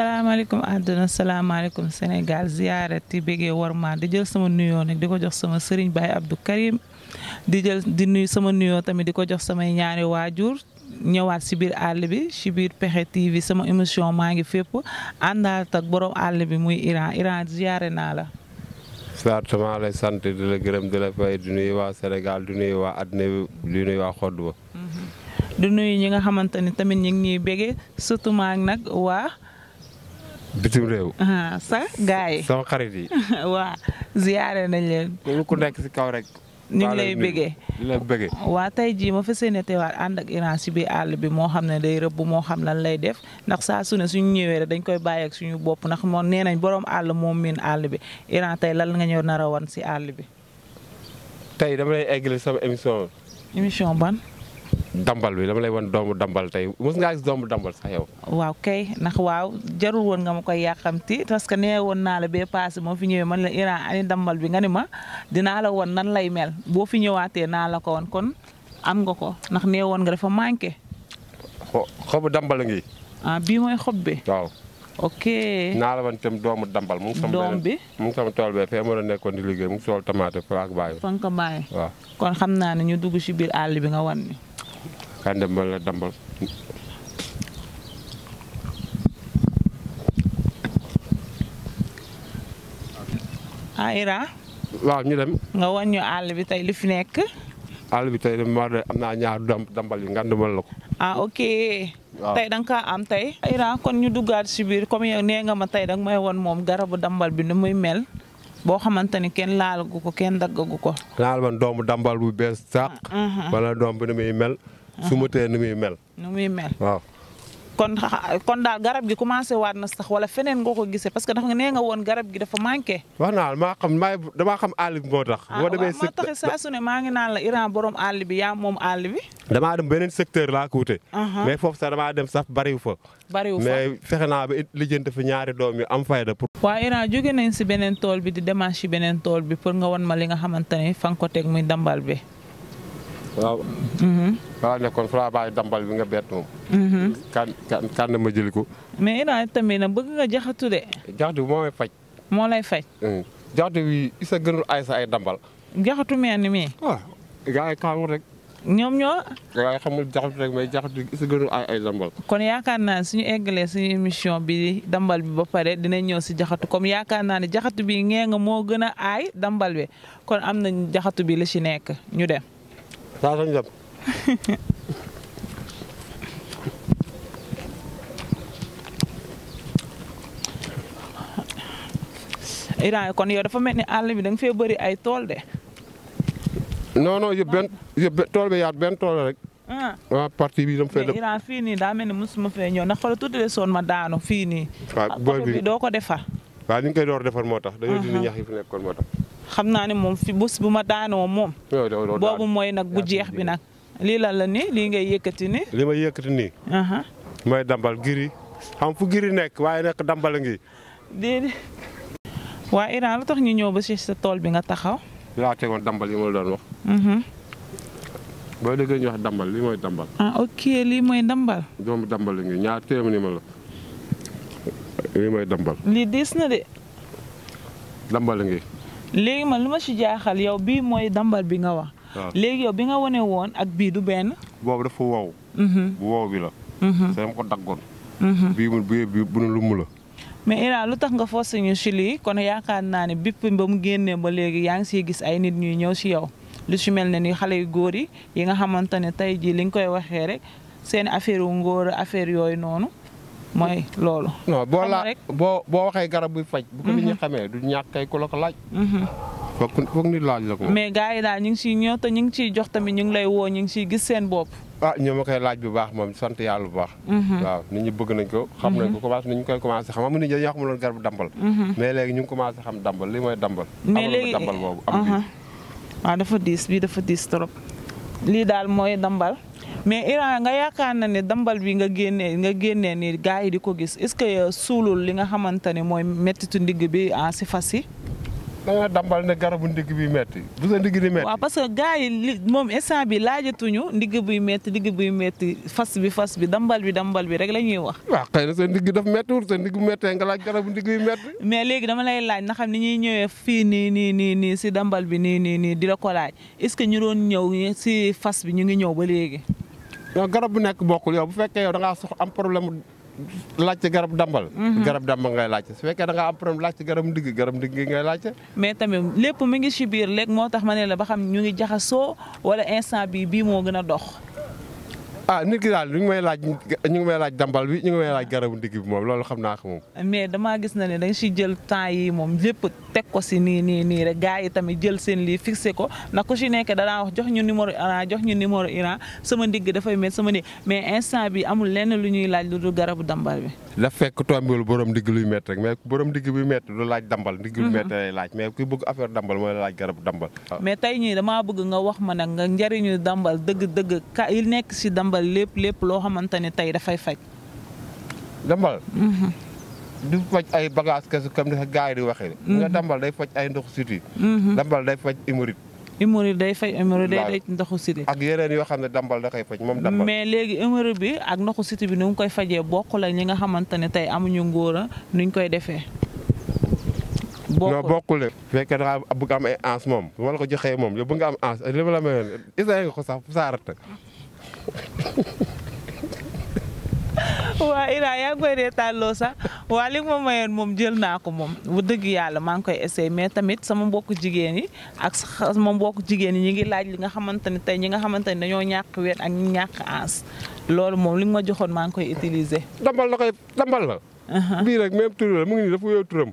salaamaaleykum àdduna salaamaaleykum Sénégal ziyaare ti bégee warma di jël sama nuyoo nag di ko jox sama sëriñ Baye Abdou Karim di jël di nuy sama nuyoo tamit di ko jox samay ñaari waajur ñëwaat si biir àll bi si biir Pexxe TV sama émission maa ngi fépp àndaat ak borom àll bi muy Iran Iran ziyaare naa la. Sarr maa lay sant di la gërëm di la fay di nuyu waa Sénégal di waa àdduna bi di waa Xoddu ba. Mm-hmm. di nuyu nga xamante tamit ñu ngi bitim réew. Ah, sa gars yi sama xarit yi. waa ziyaare nañ leen. ku nekk si kaw rek. ñu ngi lay bëggee waa tey jii ma fas yéene teewaat ànd ak Iran si bi àll bi moo xam ne day rëbb moo xam lan lay def ndax saa su ne suñu ñëwee rek dañ koy bàyyi ak suñu bopp ndax moo nee nañ boroom àll moom miin àll bi Iran tey lan nga ñëw nar a wan si àll bi. tey dama lay eggale sama émission. émission ban. dambal bi dama lay won doomu dambal tey mos ngaa gis doomu dambal sax yow. waaw kay ndax waaw jarul woon nga ma koy yàqamti parce que nee woon naa la bee paase moo fi ñëwee man la Iran bi nga ni ma dinaa la woon lay mel boo fi ñëwaatee naa la ko woon kon am nga ko ndax nee woon nga dafa manqué. xobu dambal ngi. Ah, bii mooy xob bi. waaw. ok naa la woon itam doomu dambal. mu ngi sama doom bi mu ngi tool bi fee ma la nekkoon di liggéey mu sool tool tomate fa ko bàyyi. kon xam naa ne ñu dugg ci biir àll bi nga wan ni kandem walla dambal ah Ira waaw ñu dem nga wan ñu bi tey li fi nekk àll bi tey ma de am naa ñaar dambal yi ngàndumal la ko ah ok tey danga kaa am tey Ira kon ñu duggaat si biir comme nee nga ma tey danga may won moom garabu dambal bi ni muy mel boo xamante kenn laalagu ko kenn daggagu ko laal man doomu dambal bu bees sàq ah, uh-huh. wala doom bi ni muy mel su ma tee ni muy mel. ni muy mel waaw. kon daal garab gi commencé waat na sax wala feneen nga ko gisee parce que dafa nee nga woon garab gi dafa manqué. wax naa maa xam xam àll bi moo tax. boo ah, maa ngi naan la Iran borom àll bi yaa moom àll bi. damaa dem beneen secteur laa ko wute. mais foofu sax damaa dem sax bariw fa. bariw fa fexe naa ba lijjanti fa ñaari doom yi am fayda pour. waa Iran jóge nañ si beneen tool bi di démarche beneen tool bi pour nga won ma li nga xamante ne fa nga ko teg muy dambal bi. waaw. waaw mm-hmm. ne kon fala bàyyi dambal bi nga beet moom. Mm-hmm. kan kan ma jëli ko. mais Iran tamit na bëgg nga jaxatu de. jaxatu moo may faj. moo lay faj. Mm. jaxatu bi isa gënul ay sa ay dambal. jaxatu meen mi. waaw rek. ñoom ñoo. gars yi xamul rek mais jaxatu isa gënul ay ay dambal. kon yaakaar naa suñu eggalee suñu émission bi dambal bi ba pare dina ñëw si jaxatu comme yaakaar naa ne jaxatu bi ngee nga moo gën a aay dambal bi kon am nañ jaxatu bi la si nekk ñu dem. saa sañ dem Iran kon yow dafa mel ni àll bi da nga fee bari ay tool de. non non yëpp benn tool bi yaat benn tool rek. waaw ah. ah, partie bi dama fee dem. Iran fii nii daa mel ni mosuma fee ñëw ndax xoolal tuuti de sonn ma daanu fii nii. waaw ah, booy bi doo ko defar. waaw ni ñu koy door defar moo tax. dañoo dindi ñax yi fi nekkoon moo tax. xam naa ne moom fi bés bu ma daanoo moom. boobu mooy nag bu jeex bi nag. lii lan la ni lii ngay yëkkati ni li ma yëkkati nii. mooy dambal giri xam fu giri nekk waaye nekk dambal ngi. déedéet. la tax ñu ñëw ba si sa tool bi nga taxaw. laa tegoon dambal yi ma la doon wax. Mhm. boo déggee ñu wax dambal lii mooy dambal. ah ok lii dambal. doomu dambal ngi ñaar téeméer ni lii mooy dambal. lii diis na de. dambal ngi. léegi man lu ma ci jaaxal yow bii mooy dambal bi nga wax. Ah. léegi yow bi nga wane woon ak bii du benn. boobu dafa wow. Mhm. bu wow bi la. Mhm. sa dama ko daggoon. Mhm. bii bu nu lumu la. mais Ira lu tax nga force ñu si lii kon yaakaar naa ne bépp ba mu génnee ba léegi yaa ngi siy gis ay nit ñuy ñëw si yow lu si mel na ni xale yu góor yi yi nga xamante ne tey jii li nga koy waxee rek seen affaire wu ngóor affaire yooyu noonu. mooy loolu. non boo la boo boo waxee garab buy faj. bu ko nit mhm. xamee du ñàkk kay ku la ko laaj. Mhm. foog foog nit laaj la ko. mais gars yi daal ñu ngi siy ñëw te ñu ngi siy jox tamit ñu ngi lay woo ñu ngi siy gis seen bopp. ah ñoo ma koy laaj bu baax moom sant yàlla bu baax. Mhm. waaw nit ñi bëgg nañ ko. xam nañ ko commencé nañ koy commencé xam amuñu dañoo xamuloon garabu dambal. mais léegi ñu ngi commencé xam dambal li mooy dambal. mais léegi dambal boobu am waaw ah, dafa diis bii dafa diis trop. lii daal mooy dambal. mais Iran nga yaakaar na ne dambal bi nga génnee nga génnee ni gars yi di ko gis est-ce que suulul li nga xamante ne mooy méttitu ndigg bi en si fas yi dambal ne garabu ndigg bi metti bu sa ndigg di metti parce que gars yi li moom instant bi laajatuñu ndigg buy metti ndigg buy metti fas bi fas bi dambal bi dambal bi rek la ñuy wax waaw xëy na sa ndigg daf mettiwul sa ndigg bu mettee nga laaj garabu ndigg bi metti mais léegi dama la laaj na xam ni ñuy ñëwee fii nii nii nii nii si dambal bi nii nii nii di la ko laaj est-ce que ñu doon ñëw si fas bi ñu ngi ñëw ba léegi garab bu nekk bokkul yow bu fekkee yow da ngaa sox am problème laajte garab dambal mhm. garab dambal ngay laajte su fekkee da ngaa am problème laajte garab ndigg garab ndigg ngay laajte mais tamit lépp mu ngi ci biir léegi moo tax ma ne la ba xam ñu ngi jaxasoo wala instant bii bii moo gën a dox ah nit ki daal ñu ngi may laaj ñu ngi may laaj dambal bi ñu ngi may laaj garabu ndigg bi moom da nga siy jël temps yi seen lii fixé ko na ku si nekk danaa wax jox ñu numéro Iran jox sama ndigg dafay met sama ndigg mais instant bi amul lenn lu ñuy laaj lu dul garabu dambal bi. la fekk tombul borom ndigg luy métti rek mais borom ndigg bi métti lu laaj dambal. ndigg lu mhm. métti lay laaj mais ku bëgg affaire dambal mooy laaj garabu dambal. mais tey ñii damaa bëgg nga wax ma nag nga njëriñu dambal dëgg dëgg ka il nekk si dambal defal lépp lépp loo xamante ne tey dafay faj. dambal. Mhm. du faj ay bagage kesu comme ni ko gars di waxee. nga mhm. dambal day faj ay ndox siti mhm. dambal day faj hémorroïde. hémorroïde day faj hémorroïde day day ndoxu siti ak yeneen yoo xam ne dambal da koy faj moom dambal. mais léegi hémorroïde bi ak ndoxu siti bi nu ngi koy fajee bokk la ñi nga xamante ne tey amuñu ngóora nuñ koy defee. bokkul non bokkul de. bu fekkee da a bëgg am ans moom bu la ko joxee moom yow bëgg am ans li ma la mayoon waa Ira yaa ngi koy reetaan loo sax waa li ma mayoon moom jël naa ko moom bu dëgg yàlla maa ngi koy essayé mais tamit sama mbokku jigéen yi ak sama mbokku jigéen yi ñi ngi laaj li nga xamante ne tey ñi nga xamante ne dañoo ñàkk wér ak ñi ñàkk ans loolu moom li nga ma joxoon maa ngi koy utilise dambal la koy dambal la. Uh-huh. bii rek même tur turam.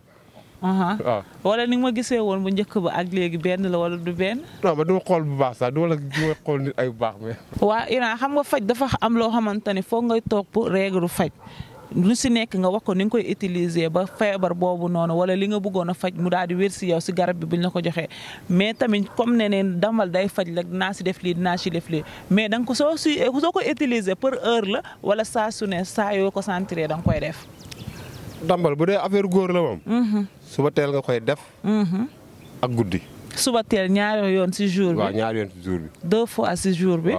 waaw ah. wala ni nga ma gisee woon bu njëkk ba ak léegi benn la wala du benn. non du xool bu baax sax du la xool ay bu baax waa Iran xam nga faj dafa am loo xamante ne foog ngay topp règle faj. lu si nekk nga wax ko ni nga koy utiliser ba feebar boobu noonu wala li nga bëggoon a faj mu daal di wér si yow si garab bi buñ la ko joxee mais tamit comme ne neen damal day faj la naa si def lii naa si def lii mais da nga ko soo si soo ko utiliser par heure la wala saa su ne saa yoo ko sentir da nga koy def. dambal bu dee affaire góor la suba teel nga koy def. Mm-hmm. ak guddi. suba teel ñaari yoon si jour bi. waaw ñaari yoon si bi. deux fois si jour bi.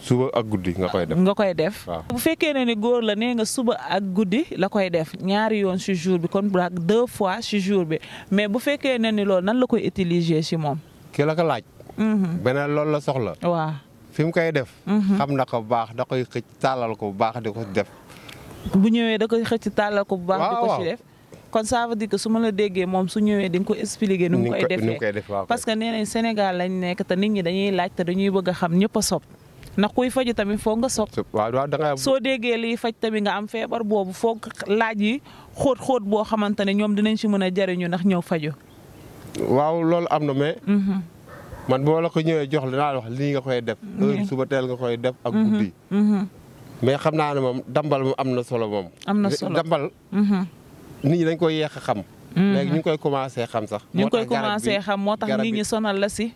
suba ak guddi nga koy def. nga koy def. bu fekkee ne ni góor la nee nga suba ak guddi la koy def ñaari yoon si jour bi kon bu deux fois si jour bi mais bu fekkee ne ni loolu nan la koy utiliser si moom. ki la ko laaj. Mm-hmm. beneen loolu la soxla. waaw fi mu koy def. Mm-hmm. xam na ko bu baax da koy xëcc tàllal ko bu baax di ko def. bu ñëwee da koy xëcc tàllal ko bu baax. di ko si def. kon ça di dire que su ma la déggee moom su ñëwee di nga ko expliquer ni mu koy defee parce que nee Sénégal lañ nekk te nit ñi dañuy laaj te dañuy bëgg a xam ñëpp a sob ndax kuy faju tamit foog nga sob soo déggee liy faj tamit nga am feebar boobu foog laaj yi xóot xóot boo xamante ne ñoom dinañ si mën a jariñu ndax ñëw faju waaw loolu am na mais mm-hmm. man boo la ko ñëwee jox la naa wax lii nga koy def mm-hmm. heure suba teel nga koy def ak mm-hmm. guddi mais xam naa ne moom dambal moom am na solo moom am na dambal nit ñi dañ koy yéex a xam. Mhm. léegi ñu ngi koy commencé xam sax. ñu koy commencé xam moo tax nit ñi la si.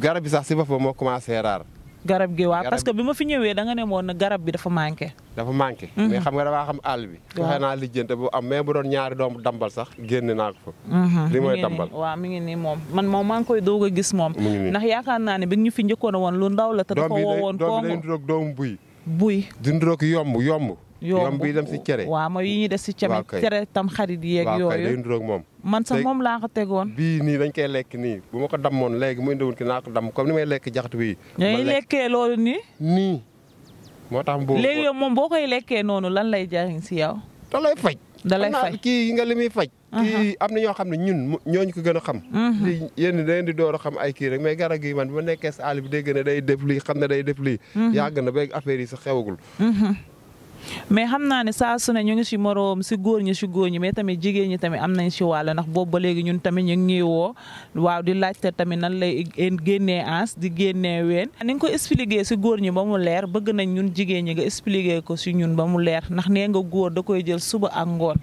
garab bi sax si boppam moo commencé raar. garab gi waaw parce que bi ma fi ñëwee da nga ne moon garab bi dafa manqué. dafa manqué. Mhm. mais xam nga dafaa xam àll bi. waaw fexe naa lijjante bu am mais bu doon ñaari doomu dambal sax génne naa ko fa. Mhm. li mooy dambal waaw mi ngi nii moom man moom maa ngi koy doog a gis moom. ndax yaakaar naa ne bi ñu fi njëkkoon woon lu ndaw la. te dafa woo woon koomu doom bi doom bi buy. buy dundu yomb yomb. yomb bi dem si cere waaw mooy yi si tam xarit yeeg yooyu waaw kay day moom man sax moom laa ko tegoon bii nii koy lekk ma ko dammoon léegi mu indiwoon ki naa ko damm comme ni may lekk jaxatu bii ñooy lekkee loolu nii nii moo tax boobu léegi moom boo koy lekkee noonu lan lay jariñ si yow da lay faj da lay faj kii nga li muy faj kii am na ñoo xam ne ñun ñooñu ko gën a xam mhm. li da ngeen di door a xam ay kii rek mais garab yi man bu ma nekkee sa àll bi gën a day def xam ne day def lii mhm. yàgg na ba affaire yi sax xewagul mhm. mais xam naa ne saa su ne ñu ngi si moroom si góor ñi si góor ñi mais tamit jigéen ñi tamit am nañ si wàll ndax boobu ba léegi ñun tamit ñu ngi woo waaw di laajte tamit nan lay génnee ans di génnee ween ni ko expliquer si góor ñi ba mu leer bëgg nañ ñun jigéen ñi nga expliquer ko si ñun ba mu leer ndax nee nga góor da koy jël suba ak ngoon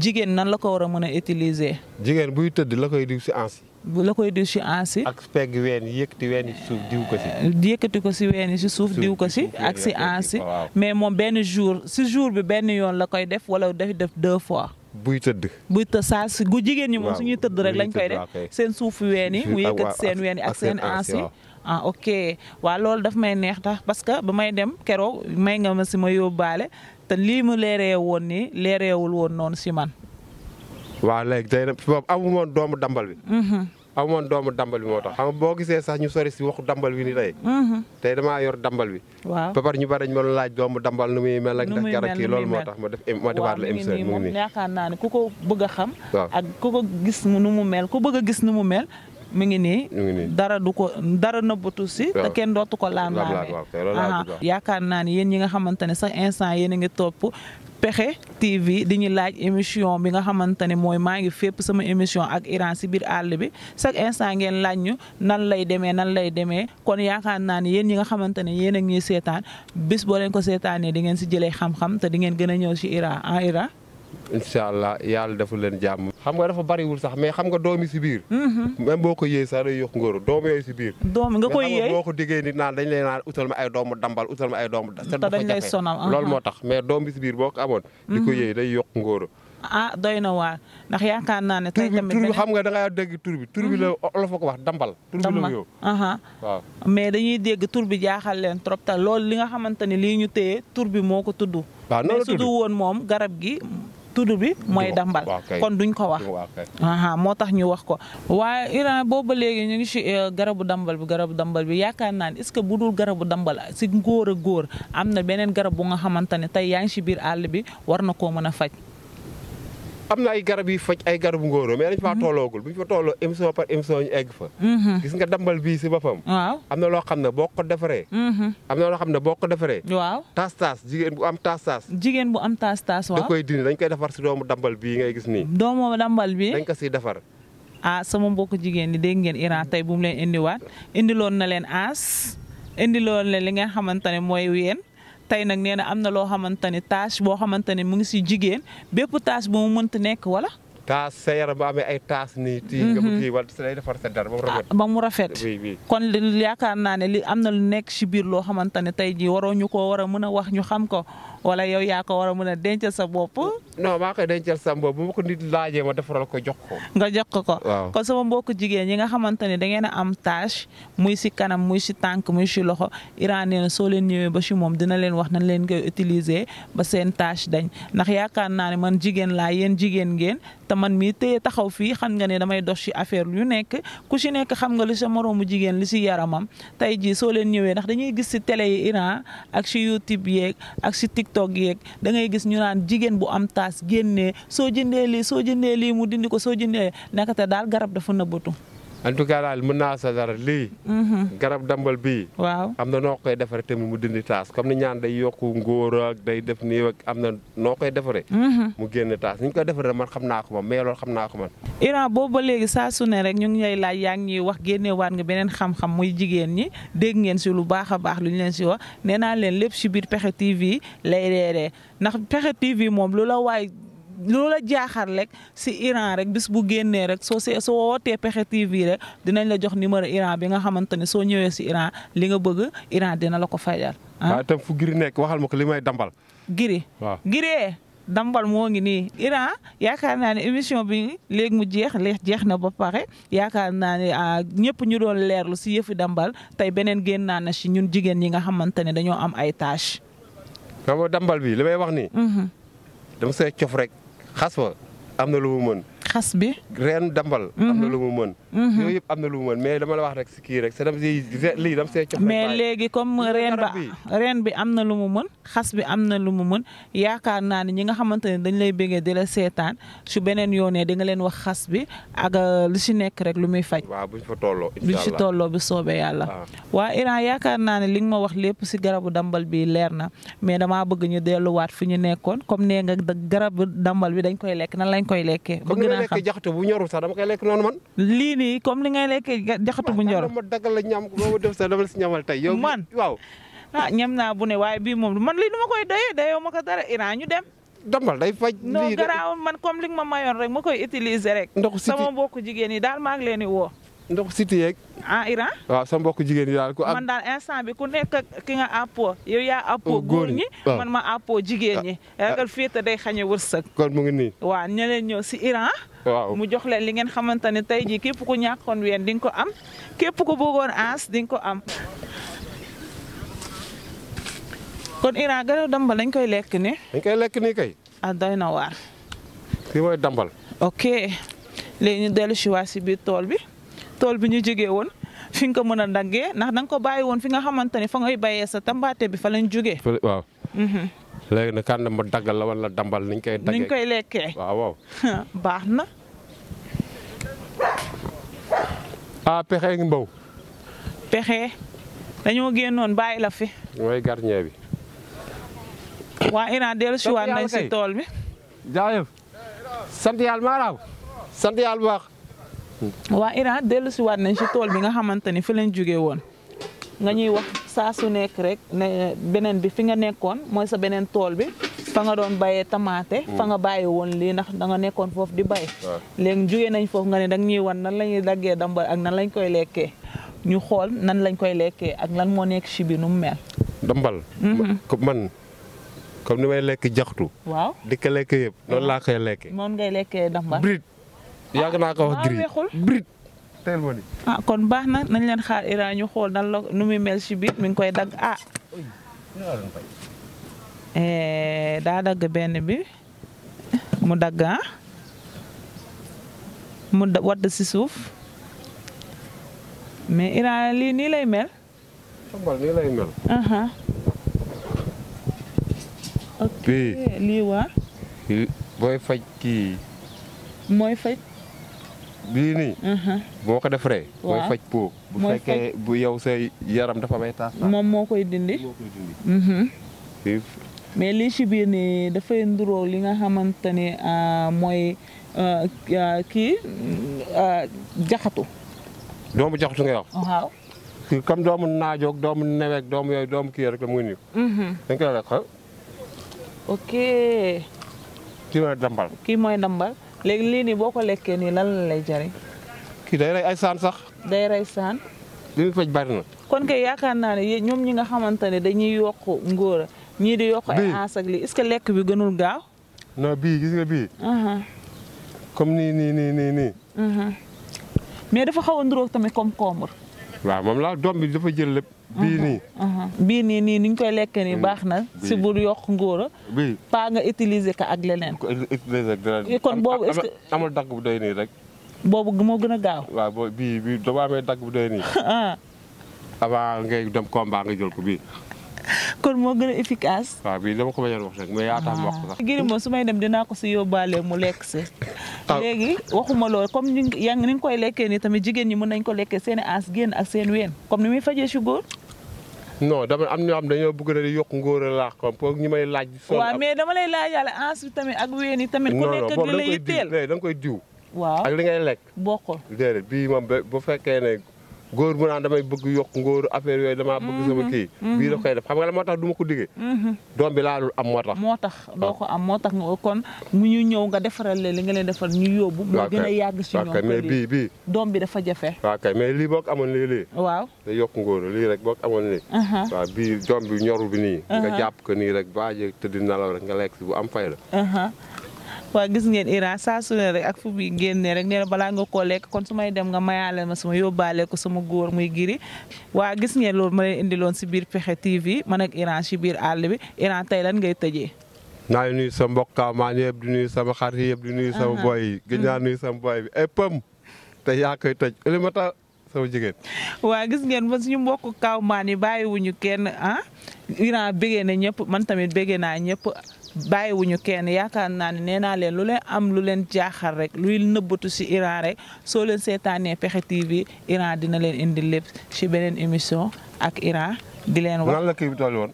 jigéen nan la ko war a mën a utiliser. jigéen buy tëdd la koy diw si ans la koy diw ci ansi. ak pegg ween yi yëkkati ween yi suuf diw ko ci. ko ci ween yi ci suuf diw ko ci ak ci ansi mais moom benn jour ci jour bi benn yoon la koy def wala daf def deux fois. buy tëdd. buy tëdd saa si gu jigéen ñi moom suñuy tëdd rek lañ koy def seen suufu ween yi mu yëkkati seen ween yi ak seen ansi ah ok waaw loolu daf may neex tax parce que ba may dem keroog may nga ma si ma yóbbaale te lii mu leeree woon nii leereewul woon noonu si man. waaw léegi tey doomu dambal bi. Mm-hmm. amoon doomu dambal bi moo tax xam boo gisee sax ñu sori si waxu dambal bi ni tey mhm. tey damaa yor dambal bi waaw ba pare ñu ma doon laaj doomu dambal nu muy mel ak def garab kii loolu moo tax ma def ma defaat la émission mu ngi nii yaakaar naa ne ku ko bëgg a xam ak ku ko gis nu mu mel ku bëgg a gis nu mu mel mi ngi nii dara du ko dara nëbbatu si te kenn dootu ko laam laamee yaakaar naa ni yéen ñi nga xamante ne sax instant yéen a ngi topp Pexxe TV di ñu laaj émission bi nga xamante ne mooy maa ngi fépp sama émission ak Iran si biir àll bi chaque instant ngeen laaj ñu nan lay demee nan lay demee kon yaakaar naa ni yéen ñi nga xamante ne yéen ak ñuy seetaan bis boo leen ko seetaanee dingeen ngeen si jëlee xam-xam te di ngeen gën a ñëw si Iran en ah, Iran incha allah yàlla defu leen jàmm. xam nga dafa bariwul sax mais xam nga doomi si biir. Mm-hmm. même boo ko yëyee sax day yokk ngóoru doom yooyu si biir. doom nga koy yëy boo ko diggee nit naan dañ lay naan utal ma ay doomu dambal utal ma ay doomu. te uh-huh. bi si biir boo ko amoon. di ko mm-hmm. yëy day yokk ngóoru. ah doy na waar ndax yaakaar naa ne. tey tamit xam nga da ngaa dégg tur bi. tur la mm-hmm. olof a ko wax dambal. tur la yow uh-huh. waaw. mais dañuy dégg bi jaaxal leen trop te loolu li nga ni lii téye tur bi moo ko tudd. waaw noonu la du woon moom garab gi tudd bi mooy dambal kon duñ ko wax aha moo tax ñu wax ko waaye Iran booba léegi ñu ngi ci euh, garabu dambal bi garabu dambal bi yaakaar naa ne est-ce que bu dul garabu dambal si góor a góor am na beneen garab bu nga xamante ne tey yaa ngi ci biir àll bi war na koo mën a faj am na ay garab yu faj ay garabu ngóoro mais dañ faa mhm. tooloogul bu ñu fa tooloo émission par émission ñu egg fa mhm. gis nga dambal bii si boppam waaw am na loo xam ne boo ko defaree mhm. am na loo xam ne boo ko defaree waaw taas taas jigéen bu am taas taas jigéen bu am taas taas waaw da koy dindi dañ koy defar si doomu dambal bii ngay gis nii doomu dambal bii dañ ko siy defar ah sama mbokk jigéen ñi dégg ngeen Iran tey bu mu leen indiwaat indiloon na leen aas indiloon na li nga xamante ne mooy ween tey nag nee na am na loo xamante ne tâche boo xamante ne mu ngi si jigéen bépp tâche bu mu mënti nekk wala. taas sa yaram bu amee ay taas nii. Mhm. ba mu rafet. Ah, ba mu kon yaakaar naa ne li am na lu nekk si biir loo xamante ne tey ji waroo ñu ko war a mën a wax ñu xam ko wala yow yaa ko war a a dencal sa bopp. non maa koy dencal sa bopp bu ma ko nit laajee ma defaral ko jox ko. nga jox ko ko kon sama mbokku jigéen ñi nga xamante ne da am tâche muy si kanam muy si tànk muy si loxo Iran nee na soo leen ñëwee ba si moom dina leen wax nañ leen koy utiliser ba seen tâche dañ ndax yaakaar naa ne man jigéen laa yéen man mii téye taxaw fii xam nga ne damay dox ci affaire yu nekk ku ci nekk xam nga li sa moroomu jigéen li ci yaramam tey jii soo leen ñëwee ndax dañuy gis ci télé yi Iran ak ci YouTube yeeg ak ci TikTok yeeg da ngay gis ñu naan jigéen bu am taas génnee soo jëndee lii soo jëndee lii mu dindi ko soo jëndee nekkate daal garab dafa nëbbatu en tout cas daal mën naa sa dara lii. Mhm. garab dambal bii. waaw am na noo koy defaree te mu dindi taas comme ni ñaan day yokku ngóor ak day def nii ak am na noo koy defaree. Mhm. mu génn taas ni ñu koy defaree man xam naa ko man mais loolu xam naa ko man. Iran boobu ba léegi saa su ne rek ñu ngi lay laaj yaa ngi ñuy génne génneewaat nga beneen xam-xam muy jigéen ñi dégg ngeen si lu baax a baax lu ñu leen si wax nee naa leen lépp si biir pexe TV lay reeree ndax pexe TV moom lu la waay loola jaaxal rek si Iran rek bis bu génnee rek soo see soo wootee pexe TV rek dinañ la jox numéro Iran bi nga xamante ne soo ñëwee si Iran li nga bëgg Iran dina la ko fayal. Ah. waaw itam fu giri waxal ma ko li may dambal. giri waaw giree dambal moo ngi nii Iran yaakaar naa ne émission bi léegi mu jeex léegi jeex na ba pare yaakaar naa ne ah, ñëpp ñu doon leerlu si yëfi dambal tey beneen génn naa na si ñun jigéen ñi nga xamante ne dañoo am ay tâche. dambal bi li may wax nii. Mm-hmm. dama see cof rek. xas wa am na lu mu mën. xas bi. reen dambal. am na mhm. lu mu mën. yooyu mhm. yëpp mais dama la wax rek si kii rek sa dama mais léegi comme reen ba reen bi am na lu mu mën xas bi am na lu mu mën yaakaar naa ne ñi nga xamante ne dañ lay béggee di la seetaan su beneen yoonee di nga leen wax xas bi ak euh, lu si nekk rek lu muy faj waaw buñ fa tolloo buñ si tolloo bi soobee yàlla ah. waa Iran yaakaar naa ne li nga ma wax lépp si garabu dambal bi leer na mais damaa bëgg ñu delluwaat fu ñu nekkoon comme nee nga garabu dambal bi dañ koy lekk nan lañ koy lekkee bëgg naa xam bu ñorul sax dama koy lekk noonu man nii comme li ngay lekk jaxatu bu ma daggal ñam ko ma def si ñamal tey yow man waaw ah, ñam naa bu ne waaye bii moom man lii nu ma koy dayee dayoo ma ko dara Iran ñu dem dambal day faj non garaaw man comme li nga ma mayoon rek ma koy utiliser rek ndox sama mbokk jigéen yi daal maa ngi leen di woo ndox siti yeeg a ah, Iran waaw sama mbokk jigéen yi daal ku am man daal instant bi ku nekk ki nga àppoo yow yaa àppoo oh, góor ñi man ma àppoo jigéen ñi ah, ragal féete day xañe wërsëg kon mu ngi nii si Iran waaw mu jox leen li ngeen xamante ne tey jii képp ku ñàkkoon ween di nga ko am képp ku bëggoon aas di nga ko am. kon Iran garaw dambal dañ koy lekk ni dañ koy lekk nii kay. Ah, na waar. kii dambal. ok dellu si waat si biir tool bi tool bi ñu jógee woon. fi nga ko mën a daggee ndax da ko bàyyi woon fi nga xamante ne fa ngay bayee sa tambaate bi fa lañ jógee. waaw. Mhm. léegi nag kan ma daggal la wala dambal ni koy. daggee ni koy lekkee. baax na. ah pexe ak mbaw pexe dañoo génnoon bàyyi la fi. mooy gardien bi. waa Iran dellusiwaat nañ si tool bi. jaajëf ma yàlla maaraam sant yàlla bu baax. waa Iran nañ si tool bi nga xamante ni fi lañ jóge woon. nga ñuy wax saa su nekk rek ne beneen bi fi nga nekkoon mooy sa beneen tool bi fa nga doon bayee tamaate fa nga bàyyi woon lii ndax danga nekkoon foofu di bay léegi jógee nañ foofu nga ne danga ñuy wan nan lañuy daggee dambal ak nan lañ koy lekkee ñu xool nan lañ koy lekkee ak lan moo nekk ci bi nu mu mel dambal mm-hmm. man comme ni may lekk jaxtu waaw di ko lekk yëpp noonu laa koy lekkee noonu ngay lekkee dambal brit yàgg naa ko wax gris brit cocktail ah kon baax na nañ leen xaar Iran ñu xool nan nu muy mel si biir mi ngi koy dagg ah. Eh, daa dagg benn bi mu dagg ah mu wadd si suuf mais Iran lii nii lay mel. sombal ok lii waa. booy faj kii. mooy faj. bii nii. Mhm. boo ko def ree mooy faj po. bu fekkee yow say yaram dafa may taas. moom moo koy dindi mhm. mais lii si biir nii dafay nduróo li nga xamante ni euh, mooy euh, euh, kii jaxatu. doomu jaxatu nga wax. waaw. doomu naajoog doomu neweeg doomu yooyu doomu kii rek la mu ngi nii. Mhm. dañ koy rek kii mooy dambal. kii mooy dambal. léegi lii nii boo ko lekkee nii lan la lay jariñ kii day rey ay saan sax day rey saan li muy faj bari kon kay yaakaar naa ne ñoom ñi nga xamante ne dañuy yokk ngóora ñii di yokk ay aas ak lii est-ce que lekk bi gënul gaaw non bii gis nga bii comme nii nii nii nii mais dafa xaw a nduróog tamit comme koombre waaw moom laa doom bi dafa jël lépp bii nii. Uh-huh. bii nii nii ni ñu koy lekk nii baax na. si bur yokk ngóora. bii paa nga utiliser ko ak leneen. ko utiliser ak kon boobu est-ce amul dagg bu doy nii rek. moo gën a gaaw. waaw boobu bii bii doo amee dagg bu doy nii. Ah. avant ngay dem combat nga jël ko bii. kon moo gën a efficace. waaw bii dama ko bañoon wax rek mais yaa tax ma wax ko sax. Ah. giri moom may dem dinaa ko si yóbbaale mu lekk si. Ah. léegi waxuma loolu comme ni nga koy lekkee nii tamit jigéen ñi mën nañ ko lekke seen i aas génn ak seen ween comme ni muy fajee si góor. non dama am ñoo xam dañoo bëgg a yokk ngóor a laax comme pour ñu may laaj. sol waaw mais dama laaj yàlla ans tamit ak ween yi tamit. ku nekk ak li lay yitteel eh, da nga koy diw waaw ak li ngay lekk. bokkul déedéet bii moom bu fekkee ne. góor bu naan damay bëgg yokk ngóor affaire yooyu damaa bëgg sama mhm. kii mhm. bii da koy def xam nga la moo tax du ma ko digee mhm. doom bi laalul am moo tax moo tax ah. doo ko am moo tax nga kon mu ñu ñëw nga defaral leen li nga leen defal ñu yóbbu moo gën a yàgg si ñoom mais bii bii doom bi dafa jafe waaw kay lii boog amoon waaw day yokk ngóor lii rek boog amoon uh-huh. bii doom bi ñorul bi nii nga uh-huh. jàpp ko nii rek baaje tëdd nalaw rek nga lekk si bu am fay la uh-huh. waaw gis ngeen Iran saa ne rek ak fu muy génnee rek nee na balaa nga koo lekk kon su may dem nga mayaale ma sama yóbbaale ko sama góor muy giri waa gis ngeen loolu ma leen si biir Pexxe TV man ak Iran si biir àll bi Iran tey lan ngay tëjee. naa sa mbokka maa yëpp di nuyu sama xarit di nuyu sama boy yi. gis naa mm. nuyu sama boy bi ay pëm te yaa koy tëj ma waa gis ngeen ba suñu mbokku kaw maan yi bàyyiwuñu kenn ah? Iran bégee na ñëpp man tamit bégee naa ñëpp. bàyyiwuñu kenn yaakaar naa ne nee naa leen lu leen am lu leen jaaxal rek luy nëbbatu ci Iran rek soo leen seetaanee Pexxe TV Iran dina leen indi lépp ci beneen émission ak Iran di leen wax. lan la kii bi toll woon.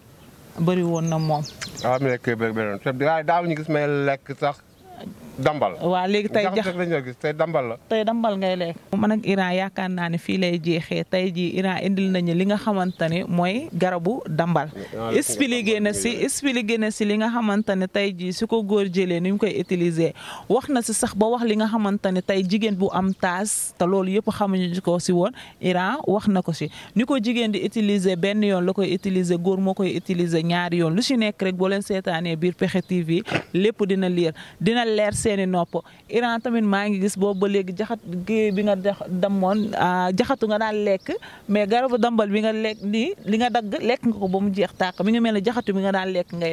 woon na moom. waaw am na kii bi beneen waaye daaw ñu gis may lekk sax. dambal waaw léegi tey jax lañu gis tey dambal la tey dambal ngay lekk man ak Iran yaakaar naa ne fii lay jeexee tey jii Iran indil nañu li nga xamante ne mooy garabu dambal ah, expliqué na si expliqué na si li nga xamante ne tey jii su ko góor jëlee ni ñu koy utiliser wax na si sax ba wax li nga xamante ne tey jigéen bu am taas te loolu yëpp xamuñu ko si woon Iran wax na ko si ni ko jigéen di utiliser benn yoon la koy utiliser góor moo koy utiliser ñaari yoon lu si nekk rek boo leen seetaanee biir Pexxe TV lépp dina leer dina leer seeni nopp Iran tamit maa ngi gis boobu ba léegi jaxat kii bi nga ah, jaxatu dambal bi nga lekk nii li nga dagg lekk nga ba mu jeex bi nga daan lekk ngay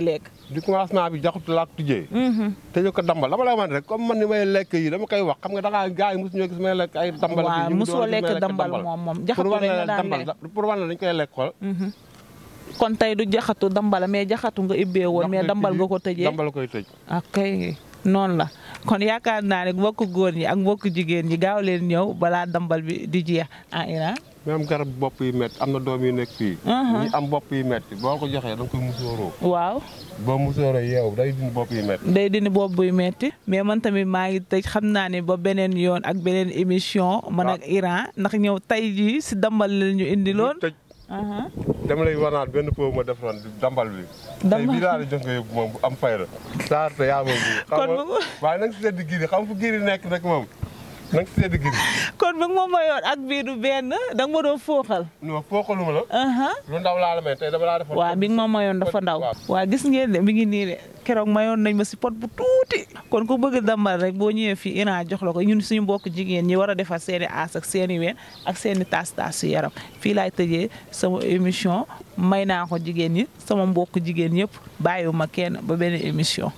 bi jaxatu laa ko tijjee. Mm-hmm. te ñu ko la man rek comme man ni may lekk yi dama koy da ngaa gars yi mosu ñoo gis may lekk ay. dambal ak yi ñu doon lekk dambal moom moom jaxatu rek nga daan lekk pour wan la dañ koy lekk xool. Mm-hmm. kon tey du jaxatu mais jaxatu nga ibbee woon mais dambal nga ko tëjee dambal koy tëj. ok ah, noonu la. kon yaakaar naa ne bokk góor ñi ak mbokku jigéen ñi gaaw leen ñëw balaa dambal bi di jeex ah Iran. même garab bopp yu métti am na doom yu nekk fii. Uh-huh. ñi am bopp yu métti boo ko joxee da nga koy musooroo. waaw boo musooroo yow day dindi bopp yu métti. day dindi bopp buy métti. mais man tamit maa ngi tëj xam naa ne ba beneen yoon ak beneen émission. man ak ah. Iran ndax ñëw tey jii si dambal la ñu indiloon. dama lay wanaat benn po ma defaroon dambal bi. dambal bi tey bii daal di jox nga yóbbu moom bu am fay la. saa te yaa moom. waaye nag si sedd gii xam fu gii nekk nag moom. kon ba nga ma mayoon ak bii du benn da nga ma doon fooxal non fooxaluma la lu ndaw laa bi nga ma mayoon dafa ndaw waa gis ngeen de mi ngi nii de keroog mayoon nañ ma si pot bu tuuti kon ku bëgg dambal rek boo ñëwee fii ina jox la ko ñun suñu mbokk jigéen ñi war a defar seeni aas ak seeni ween ak seeni taas taas su yaram fii laay tëjee sama émission may naa ko jigéen ñi sama mbokk jigéen ñëpp ma kenn ba benn émission